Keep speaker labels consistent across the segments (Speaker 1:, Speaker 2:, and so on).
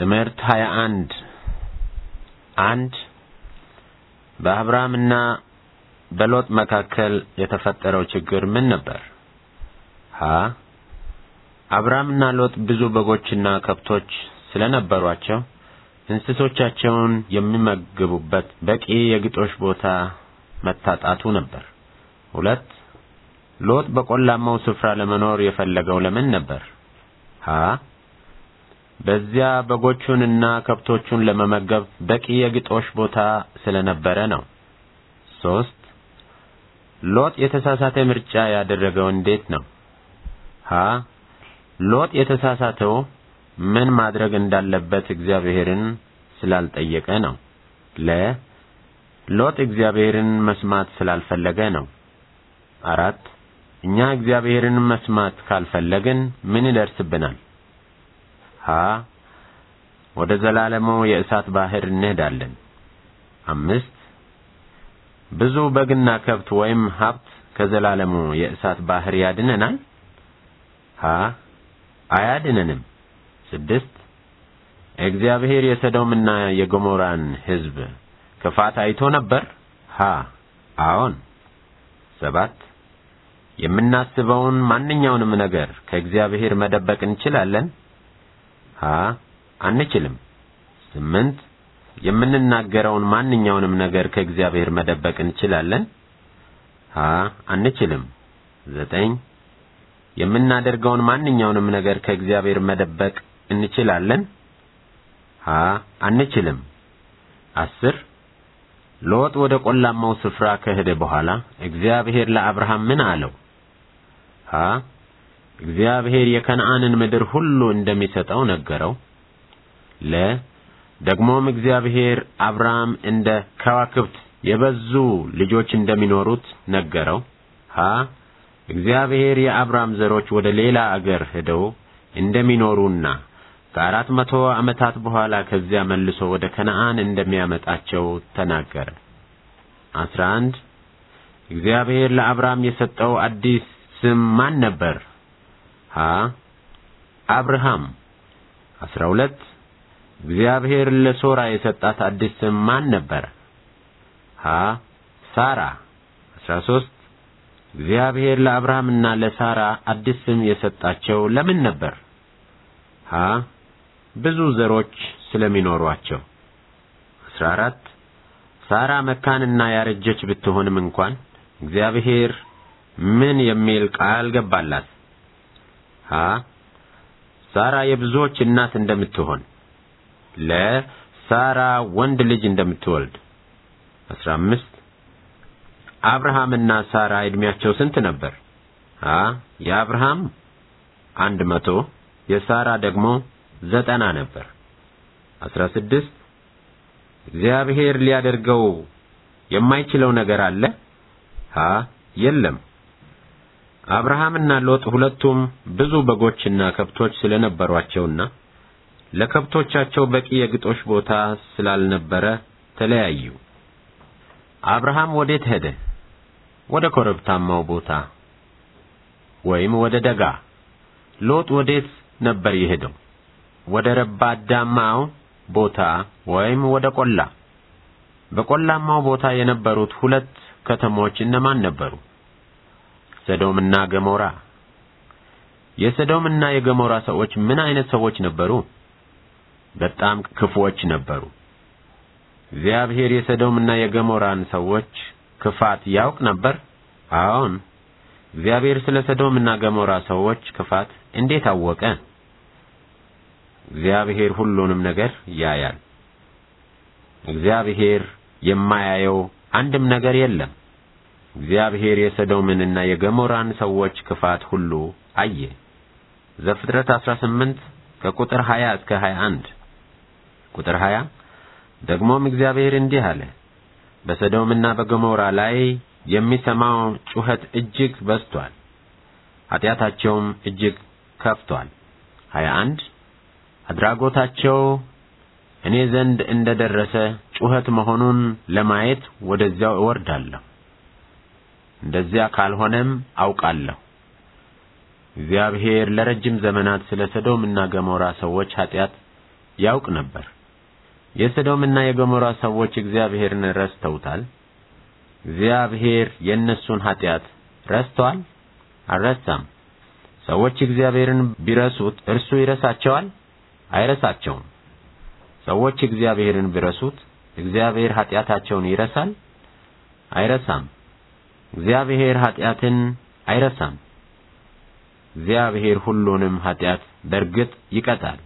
Speaker 1: ትምህርት 21 አንድ በአብርሃምና በሎጥ መካከል የተፈጠረው ችግር ምን ነበር? ሀ አብርሃምና ሎጥ ብዙ በጎችና ከብቶች ስለነበሯቸው እንስሶቻቸውን የሚመግቡበት በቂ የግጦሽ ቦታ መታጣቱ ነበር። ሁለት ሎጥ በቆላማው ስፍራ ለመኖር የፈለገው ለምን ነበር? ሀ በዚያ በጎቹንና ከብቶቹን ለመመገብ በቂ የግጦሽ ቦታ ስለነበረ ነው። ሶስት ሎጥ የተሳሳተ ምርጫ ያደረገው እንዴት ነው? ሀ ሎጥ የተሳሳተው ምን ማድረግ እንዳለበት እግዚአብሔርን ስላልጠየቀ ነው። ለ ሎጥ እግዚአብሔርን መስማት ስላልፈለገ ነው። አራት እኛ እግዚአብሔርን መስማት ካልፈለግን ምን ይደርስብናል? ወደ ዘላለሙ የእሳት ባህር እንሄዳለን። አምስት ብዙ በግና ከብት ወይም ሀብት ከዘላለሙ የእሳት ባህር ያድነናል? ሀ አያድነንም። ስድስት እግዚአብሔር የሰዶምና የገሞራን ሕዝብ ክፋት አይቶ ነበር? ሀ አዎን። ሰባት የምናስበውን ማንኛውንም ነገር ከእግዚአብሔር መደበቅ እንችላለን? ሀ አንችልም። ስምንት የምንናገረውን ማንኛውንም ነገር ከእግዚአብሔር መደበቅ እንችላለን? ሃ አንችልም። ዘጠኝ የምናደርገውን ማንኛውንም ነገር ከእግዚአብሔር መደበቅ እንችላለን? ሀ አንችልም። አስር ሎጥ ወደ ቆላማው ስፍራ ከሄደ በኋላ እግዚአብሔር ለአብርሃም ምን አለው? ሃ እግዚአብሔር የከነዓንን ምድር ሁሉ እንደሚሰጠው ነገረው። ለ ደግሞም እግዚአብሔር አብርሃም እንደ ከዋክብት የበዙ ልጆች እንደሚኖሩት ነገረው። ሀ እግዚአብሔር የአብርሃም ዘሮች ወደ ሌላ አገር ሄደው እንደሚኖሩና ከአራት መቶ ዓመታት በኋላ ከዚያ መልሶ ወደ ከነአን እንደሚያመጣቸው ተናገረ። አስራ አንድ እግዚአብሔር ለአብርሃም የሰጠው አዲስ ስም ማን ነበር? ሀ አብርሃም አስራ ሁለት እግዚአብሔር ለሶራ የሰጣት አዲስ ስም ማን ነበረ? ሀ ሳራ አስራ ሦስት እግዚአብሔር ለአብርሃምና ለሳራ አዲስ ስም የሰጣቸው ለምን ነበር? ሀ ብዙ ዘሮች ስለሚኖሯቸው። አስራ አራት ሳራ መካንና ያረጀች ብትሆንም እንኳን እግዚአብሔር ምን የሚል ቃል ገባላት? ሀ ሳራ የብዙዎች እናት እንደምትሆን ለ ሳራ ወንድ ልጅ እንደምትወልድ አስራ አምስት አብርሃምና ሳራ ዕድሜያቸው ስንት ነበር? ሀ የአብርሃም አንድ መቶ የሳራ ደግሞ ዘጠና ነበር። አስራ ስድስት እግዚአብሔር ሊያደርገው የማይችለው ነገር አለ? ሀ የለም። አብርሃምና ሎጥ ሁለቱም ብዙ በጎችና ከብቶች ስለነበሯቸውና ለከብቶቻቸው በቂ የግጦሽ ቦታ ስላልነበረ ተለያዩ። አብርሃም ወዴት ሄደ? ወደ ኮረብታማው ቦታ ወይም ወደ ደጋ። ሎጥ ወዴት ነበር የሄደው? ወደ ረባዳማው ቦታ ወይም ወደ ቆላ። በቆላማው ቦታ የነበሩት ሁለት ከተሞች እነማን ነበሩ? ሰዶምና ገሞራ። የሰዶምና የገሞራ ሰዎች ምን አይነት ሰዎች ነበሩ? በጣም ክፉዎች ነበሩ። እግዚአብሔር የሰዶምና የገሞራን ሰዎች ክፋት ያውቅ ነበር። አዎን፣ እግዚአብሔር ስለ ሰዶምና ገሞራ ሰዎች ክፋት እንዴት አወቀ? እግዚአብሔር ሁሉንም ነገር ያያል። እግዚአብሔር የማያየው አንድም ነገር የለም። እግዚአብሔር የሰዶምንና የገሞራን ሰዎች ክፋት ሁሉ አየ። ዘፍጥረት 18 ከቁጥር 20 እስከ 21። ቁጥር 20 ደግሞም እግዚአብሔር እንዲህ አለ፣ በሰዶምና በገሞራ ላይ የሚሰማው ጩኸት እጅግ በዝቷል፣ ኃጢአታቸውም እጅግ ከፍቷል። 21 አድራጎታቸው እኔ ዘንድ እንደደረሰ ጩኸት መሆኑን ለማየት ወደዚያው እወርዳለሁ። እንደዚያ ካልሆነም አውቃለሁ እግዚአብሔር ለረጅም ዘመናት ስለ ሰዶምና ገሞራ ሰዎች ኃጢአት ያውቅ ነበር። የሰዶምና የገሞራ ሰዎች እግዚአብሔርን ረስተውታል። እግዚአብሔር የእነሱን ኃጢአት ረስተዋል? አልረሳም። ሰዎች እግዚአብሔርን ቢረሱት እርሱ ይረሳቸዋል? አይረሳቸውም። ሰዎች እግዚአብሔርን ቢረሱት እግዚአብሔር ኃጢአታቸውን ይረሳል? አይረሳም። እግዚአብሔር ኃጢአትን አይረሳም። እግዚአብሔር ሁሉንም ኃጢአት በእርግጥ ይቀጣል።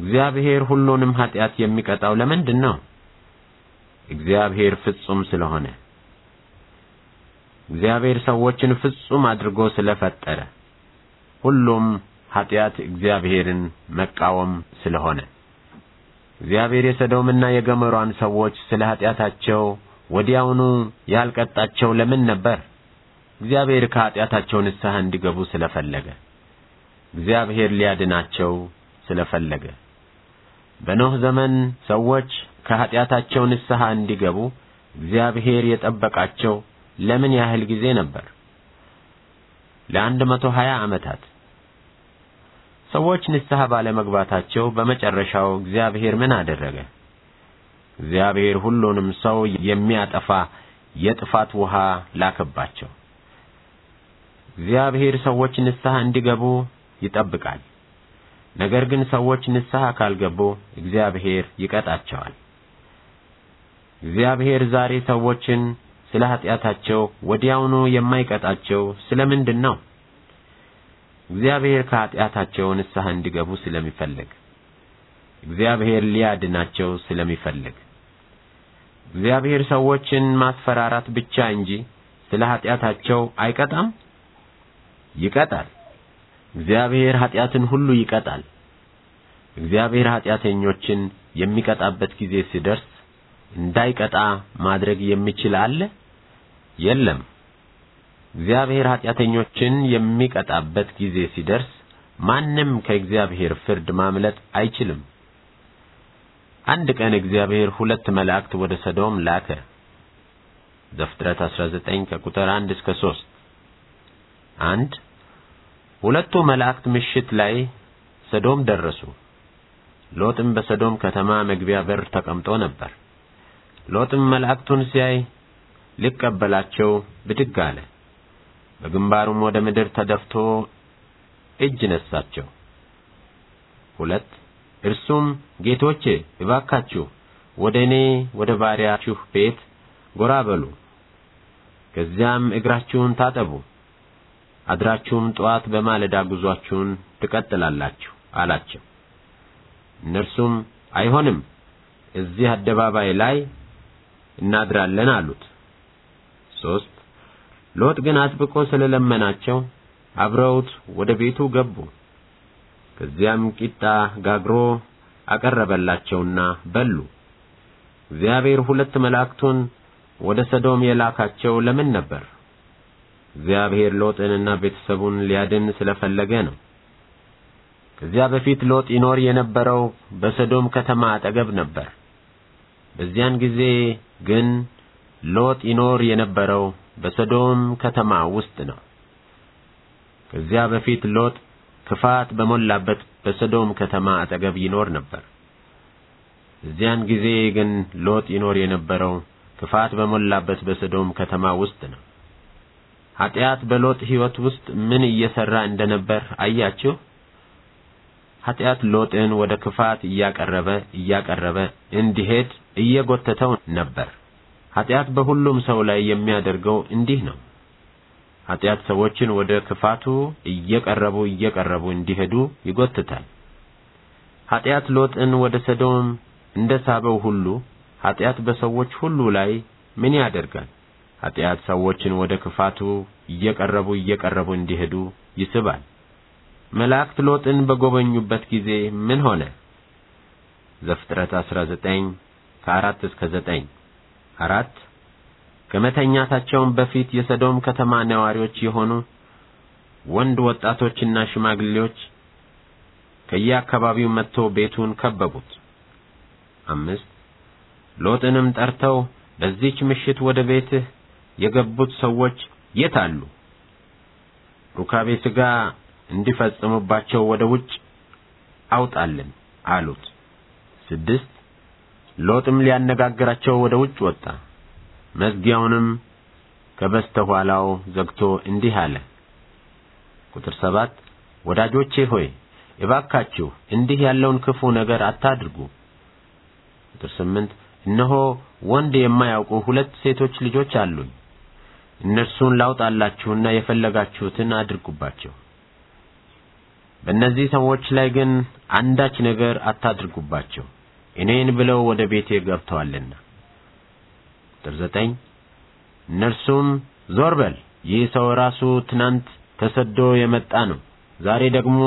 Speaker 1: እግዚአብሔር ሁሉንም ኃጢአት የሚቀጣው ለምንድን ነው? እግዚአብሔር ፍጹም ስለሆነ። እግዚአብሔር ሰዎችን ፍጹም አድርጎ ስለፈጠረ ሁሉም ኃጢአት እግዚአብሔርን መቃወም ስለሆነ እግዚአብሔር የሰዶምና የገሞራን ሰዎች ስለ ኃጢአታቸው ወዲያውኑ ያልቀጣቸው ለምን ነበር? እግዚአብሔር ከኃጢአታቸው ንስሐ እንዲገቡ ስለፈለገ፣ እግዚአብሔር ሊያድናቸው ስለፈለገ። በኖህ ዘመን ሰዎች ከኃጢአታቸው ንስሐ እንዲገቡ እግዚአብሔር የጠበቃቸው ለምን ያህል ጊዜ ነበር? ለአንድ መቶ ሀያ ዓመታት። ሰዎች ንስሐ ባለመግባታቸው በመጨረሻው እግዚአብሔር ምን አደረገ? እግዚአብሔር ሁሉንም ሰው የሚያጠፋ የጥፋት ውሃ ላከባቸው። እግዚአብሔር ሰዎች ንስሐ እንዲገቡ ይጠብቃል። ነገር ግን ሰዎች ንስሐ ካልገቡ እግዚአብሔር ይቀጣቸዋል። እግዚአብሔር ዛሬ ሰዎችን ስለ ኃጢአታቸው ወዲያውኑ የማይቀጣቸው ስለምንድን ነው? እግዚአብሔር ከኃጢአታቸው ንስሐ እንዲገቡ ስለሚፈልግ፣ እግዚአብሔር ሊያድናቸው ስለሚፈልግ እግዚአብሔር ሰዎችን ማስፈራራት ብቻ እንጂ ስለ ኃጢአታቸው አይቀጣም? ይቀጣል። እግዚአብሔር ኃጢአትን ሁሉ ይቀጣል። እግዚአብሔር ኃጢአተኞችን የሚቀጣበት ጊዜ ሲደርስ እንዳይቀጣ ማድረግ የሚችል አለ? የለም። እግዚአብሔር ኃጢአተኞችን የሚቀጣበት ጊዜ ሲደርስ ማንም ከእግዚአብሔር ፍርድ ማምለጥ አይችልም። አንድ ቀን እግዚአብሔር ሁለት መላእክት ወደ ሰዶም ላከ። ዘፍጥረት 19 ከቁጥር 1 እስከ 3። አንድ ሁለቱ መላእክት ምሽት ላይ ሰዶም ደረሱ። ሎጥም በሰዶም ከተማ መግቢያ በር ተቀምጦ ነበር። ሎጥም መላእክቱን ሲያይ ሊቀበላቸው ብድግ አለ። በግንባሩም ወደ ምድር ተደፍቶ እጅ ነሳቸው። ሁለት እርሱም ጌቶቼ እባካችሁ ወደ እኔ ወደ ባሪያችሁ ቤት ጎራ በሉ፣ ከዚያም እግራችሁን ታጠቡ፣ አድራችሁም ጠዋት በማለዳ ጉዟችሁን ትቀጥላላችሁ አላቸው። እነርሱም አይሆንም፣ እዚህ አደባባይ ላይ እናድራለን አሉት። ሶስት ሎጥ ግን አጥብቆ ስለለመናቸው አብረውት ወደ ቤቱ ገቡ። ከዚያም ቂጣ ጋግሮ አቀረበላቸውና በሉ። እግዚአብሔር ሁለት መላእክቱን ወደ ሰዶም የላካቸው ለምን ነበር? እግዚአብሔር ሎጥንና ቤተሰቡን ሊያድን ስለፈለገ ነው። ከዚያ በፊት ሎጥ ይኖር የነበረው በሰዶም ከተማ አጠገብ ነበር። በዚያን ጊዜ ግን ሎጥ ይኖር የነበረው በሰዶም ከተማ ውስጥ ነው። ከዚያ በፊት ሎጥ ክፋት በሞላበት በሰዶም ከተማ አጠገብ ይኖር ነበር። እዚያን ጊዜ ግን ሎጥ ይኖር የነበረው ክፋት በሞላበት በሰዶም ከተማ ውስጥ ነው። ኀጢአት በሎጥ ሕይወት ውስጥ ምን እየሰራ እንደነበር አያችሁ። ኀጢአት ሎጥን ወደ ክፋት እያቀረበ እያቀረበ እንዲሄድ እየጎተተው ነበር። ኀጢአት በሁሉም ሰው ላይ የሚያደርገው እንዲህ ነው። ኃጢአት ሰዎችን ወደ ክፋቱ እየቀረቡ እየቀረቡ እንዲሄዱ ይጎትታል። ኃጢአት ሎጥን ወደ ሰዶም እንደ ሳበው ሁሉ ኃጢአት በሰዎች ሁሉ ላይ ምን ያደርጋል? ኃጢአት ሰዎችን ወደ ክፋቱ እየቀረቡ እየቀረቡ እንዲሄዱ ይስባል። መላእክት ሎጥን በጎበኙበት ጊዜ ምን ሆነ? ዘፍጥረት 19 ከአራት እስከ ዘጠኝ አራት ከመተኛታቸውም በፊት የሰዶም ከተማ ነዋሪዎች የሆኑ ወንድ ወጣቶችና ሽማግሌዎች ከየአካባቢው መጥቶ ቤቱን ከበቡት። አምስት ሎጥንም ጠርተው በዚች ምሽት ወደ ቤትህ የገቡት ሰዎች የት አሉ? ሩካቤ ሥጋ እንዲፈጽሙባቸው ወደ ውጭ አውጣልን አሉት። ስድስት ሎጥም ሊያነጋግራቸው ወደ ውጭ ወጣ። መዝጊያውንም ከበስተኋላው ዘግቶ እንዲህ አለ። ቁጥር ሰባት ወዳጆቼ ሆይ እባካችሁ እንዲህ ያለውን ክፉ ነገር አታድርጉ። ቁጥር ስምንት እነሆ ወንድ የማያውቁ ሁለት ሴቶች ልጆች አሉኝ። እነርሱን ላውጣላችሁና የፈለጋችሁትን አድርጉባቸው። በእነዚህ ሰዎች ላይ ግን አንዳች ነገር አታድርጉባቸው፣ እኔን ብለው ወደ ቤቴ ገብተዋልና። ቁጥር ዘጠኝ እነርሱም ዞር በል ይህ ሰው ራሱ ትናንት ተሰዶ የመጣ ነው፣ ዛሬ ደግሞ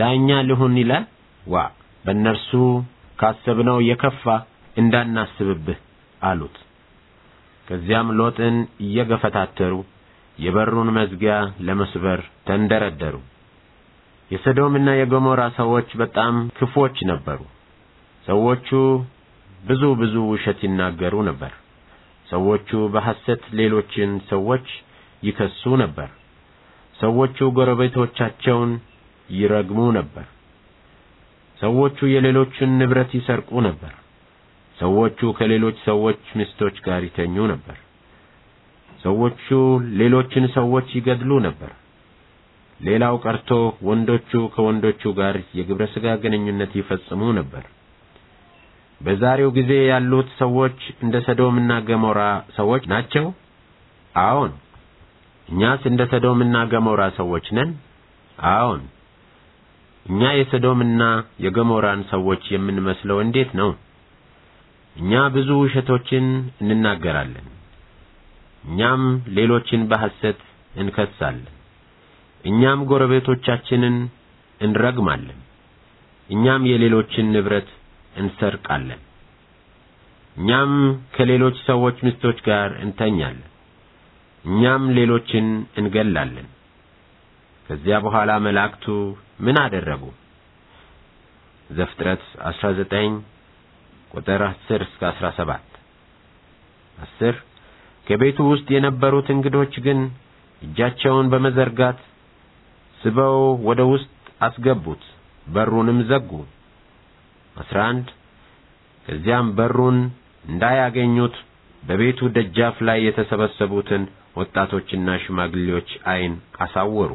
Speaker 1: ዳኛ ልሁን ይላል። ዋ በእነርሱ ካሰብነው የከፋ እንዳናስብብህ አሉት። ከዚያም ሎጥን እየገፈታተሩ የበሩን መዝጊያ ለመስበር ተንደረደሩ። የሰዶምና የገሞራ ሰዎች በጣም ክፎች ነበሩ። ሰዎቹ ብዙ ብዙ ውሸት ይናገሩ ነበር። ሰዎቹ በሐሰት ሌሎችን ሰዎች ይከሱ ነበር። ሰዎቹ ጎረቤቶቻቸውን ይረግሙ ነበር። ሰዎቹ የሌሎችን ንብረት ይሰርቁ ነበር። ሰዎቹ ከሌሎች ሰዎች ሚስቶች ጋር ይተኙ ነበር። ሰዎቹ ሌሎችን ሰዎች ይገድሉ ነበር። ሌላው ቀርቶ ወንዶቹ ከወንዶቹ ጋር የግብረ ሥጋ ግንኙነት ይፈጽሙ ነበር። በዛሬው ጊዜ ያሉት ሰዎች እንደ ሰዶምና ገሞራ ሰዎች ናቸው? አዎን። እኛስ እንደ ሰዶምና ገሞራ ሰዎች ነን? አዎን። እኛ የሰዶምና የገሞራን ሰዎች የምንመስለው እንዴት ነው? እኛ ብዙ ውሸቶችን እንናገራለን። እኛም ሌሎችን በሐሰት እንከሳለን። እኛም ጎረቤቶቻችንን እንረግማለን። እኛም የሌሎችን ንብረት እንሰርቃለን፣ እኛም ከሌሎች ሰዎች ሚስቶች ጋር እንተኛለን፣ እኛም ሌሎችን እንገላለን። ከዚያ በኋላ መላእክቱ ምን አደረጉ? ዘፍጥረት 19 ቁጥር 10 እስከ 17 10 ከቤቱ ውስጥ የነበሩት እንግዶች ግን እጃቸውን በመዘርጋት ስበው ወደ ውስጥ አስገቡት፣ በሩንም ዘጉ። 11 ከዚያም በሩን እንዳያገኙት በቤቱ ደጃፍ ላይ የተሰበሰቡትን ወጣቶችና ሽማግሌዎች አይን አሳወሩ።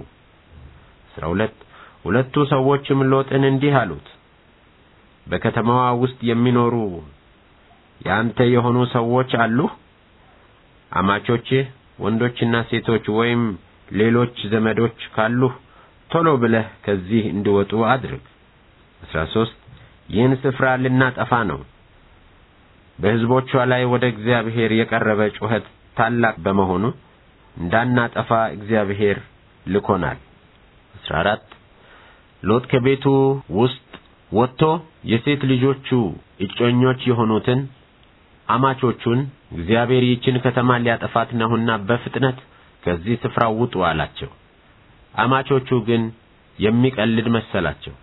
Speaker 1: አስራ ሁለት ሁለቱ ሰዎችም ሎጥን እንዲህ አሉት፣ በከተማዋ ውስጥ የሚኖሩ ያንተ የሆኑ ሰዎች አሉህ? አማቾችህ ወንዶችና ሴቶች ወይም ሌሎች ዘመዶች ካሉህ ቶሎ ብለህ ከዚህ እንዲወጡ አድርግ። አስራ ሦስት ይህን ስፍራ ልናጠፋ ነው። በሕዝቦቿ ላይ ወደ እግዚአብሔር የቀረበ ጩኸት ታላቅ በመሆኑ እንዳናጠፋ እግዚአብሔር ልኮናል። አስራ አራት ሎጥ ከቤቱ ውስጥ ወጥቶ የሴት ልጆቹ እጮኞች የሆኑትን አማቾቹን እግዚአብሔር ይችን ከተማ ሊያጠፋት ነውና በፍጥነት ከዚህ ስፍራ ውጡ አላቸው። አማቾቹ ግን የሚቀልድ መሰላቸው።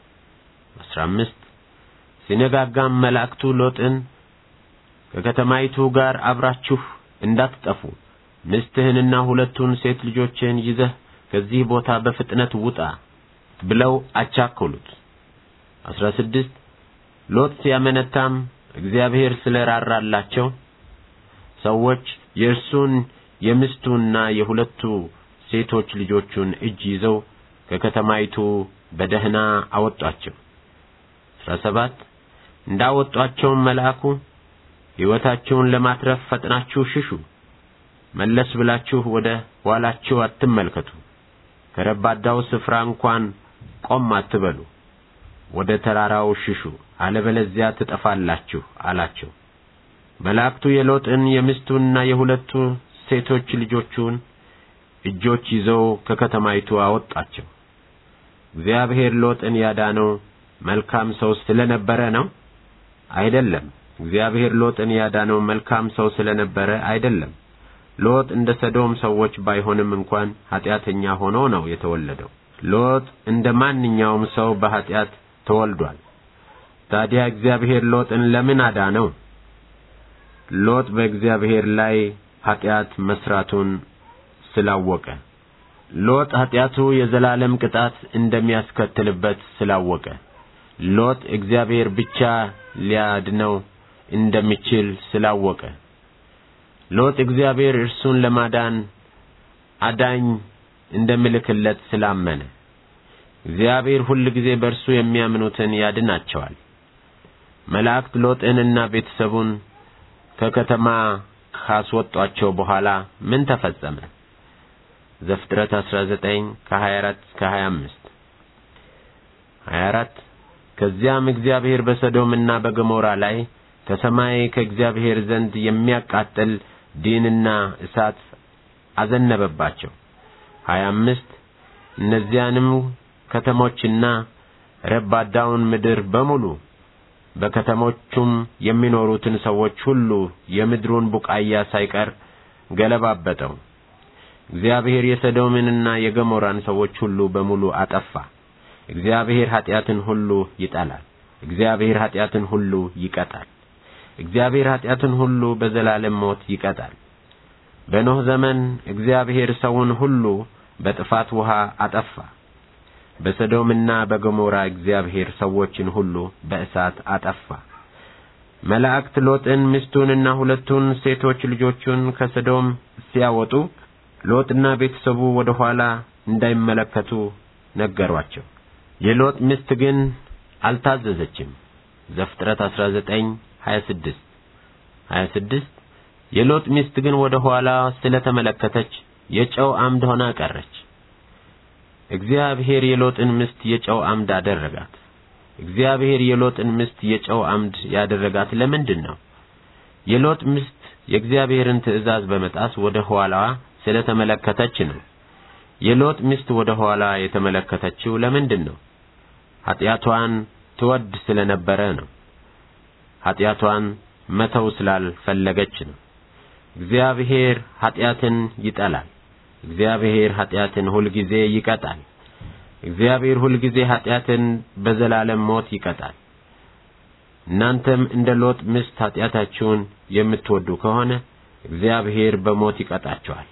Speaker 1: አስራ አምስት ሲነጋጋም መላእክቱ ሎጥን ከከተማይቱ ጋር አብራችሁ እንዳትጠፉ ምስትህንና ሁለቱን ሴት ልጆችን ይዘህ ከዚህ ቦታ በፍጥነት ውጣ ብለው አቻከሉት። አስራ ስድስት ሎጥ ሲያመነታም እግዚአብሔር ራራላቸው ሰዎች የእርሱን የምስቱና የሁለቱ ሴቶች ልጆቹን እጅ ይዘው ከከተማይቱ በደህና አወጧቸው። አስራ ሰባት እንዳወጧቸውም መልአኩ ሕይወታችሁን ለማትረፍ ፈጥናችሁ ሽሹ፣ መለስ ብላችሁ ወደ ኋላችሁ አትመልከቱ፣ ከረባዳው ስፍራ እንኳን ቆም አትበሉ፣ ወደ ተራራው ሽሹ፣ አለበለዚያ ትጠፋላችሁ አላቸው። መላእክቱ የሎጥን የሚስቱንና የሁለቱ ሴቶች ልጆቹን እጆች ይዘው ከከተማይቱ አወጣቸው። እግዚአብሔር ሎጥን ያዳነው መልካም ሰው ስለነበረ ነው። አይደለም። እግዚአብሔር ሎጥን ያዳነው መልካም ሰው ስለነበረ አይደለም። ሎጥ እንደ ሰዶም ሰዎች ባይሆንም እንኳን ኃጢአተኛ ሆኖ ነው የተወለደው። ሎጥ እንደ ማንኛውም ሰው በኃጢአት ተወልዷል። ታዲያ እግዚአብሔር ሎጥን ለምን አዳነው? ሎጥ በእግዚአብሔር ላይ ኀጢአት መስራቱን ስላወቀ፣ ሎጥ ኀጢአቱ የዘላለም ቅጣት እንደሚያስከትልበት ስላወቀ፣ ሎጥ እግዚአብሔር ብቻ ሊያድነው እንደሚችል ስላወቀ ሎጥ እግዚአብሔር እርሱን ለማዳን አዳኝ እንደሚልክለት ስላመነ እግዚአብሔር ሁል ጊዜ በእርሱ የሚያምኑትን ያድናቸዋል። መላእክት ሎጥንና ቤተሰቡን ከከተማ ካስወጧቸው በኋላ ምን ተፈጸመ? ዘፍጥረት 19 ከ24 እስከ 25 24 ከዚያም እግዚአብሔር በሰዶምና በገሞራ ላይ ከሰማይ ከእግዚአብሔር ዘንድ የሚያቃጥል ዲንና እሳት አዘነበባቸው። ሀያ አምስት እነዚያንም ከተሞችና ረባዳውን ምድር በሙሉ በከተሞቹም የሚኖሩትን ሰዎች ሁሉ የምድሩን ቡቃያ ሳይቀር ገለባበጠው። እግዚአብሔር የሰዶምንና የገሞራን ሰዎች ሁሉ በሙሉ አጠፋ። እግዚአብሔር ኃጢአትን ሁሉ ይጠላል። እግዚአብሔር ኃጢአትን ሁሉ ይቀጣል። እግዚአብሔር ኃጢአትን ሁሉ በዘላለም ሞት ይቀጣል። በኖህ ዘመን እግዚአብሔር ሰውን ሁሉ በጥፋት ውሃ አጠፋ። በሰዶምና በገሞራ እግዚአብሔር ሰዎችን ሁሉ በእሳት አጠፋ። መላእክት ሎጥን ሚስቱንና ሁለቱን ሴቶች ልጆቹን ከሰዶም ሲያወጡ ሎጥና ቤተሰቡ ወደ ኋላ እንዳይመለከቱ ነገሯቸው። የሎጥ ሚስት ግን አልታዘዘችም። ዘፍጥረት 19 26 26 የሎጥ ሚስት ግን ወደ ኋላ ስለተመለከተች የጨው አምድ ሆና ቀረች። እግዚአብሔር የሎጥን ሚስት የጨው አምድ አደረጋት። እግዚአብሔር የሎጥን ሚስት የጨው አምድ ያደረጋት ለምንድን ነው? የሎጥ ሚስት የእግዚአብሔርን ትእዛዝ በመጣስ ወደ ኋላ ስለተመለከተች ነው። የሎጥ ሚስት ወደ ኋላ የተመለከተችው ለምንድን ነው? ኀጢአቷን ትወድ ስለ ነበረ ነው። ኀጢአቷን መተው ስላልፈለገች ነው። እግዚአብሔር ኀጢአትን ይጠላል። እግዚአብሔር ኀጢአትን ሁልጊዜ ይቀጣል። እግዚአብሔር ሁልጊዜ ኀጢአትን በዘላለም ሞት ይቀጣል። እናንተም እንደ ሎጥ ሚስት ኀጢአታችሁን የምትወዱ ከሆነ እግዚአብሔር በሞት ይቀጣችኋል።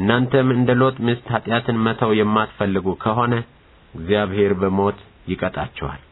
Speaker 1: እናንተም እንደ ሎጥ ሚስት ኀጢአትን መተው የማትፈልጉ ከሆነ እግዚአብሔር በሞት ይቀጣቸዋል።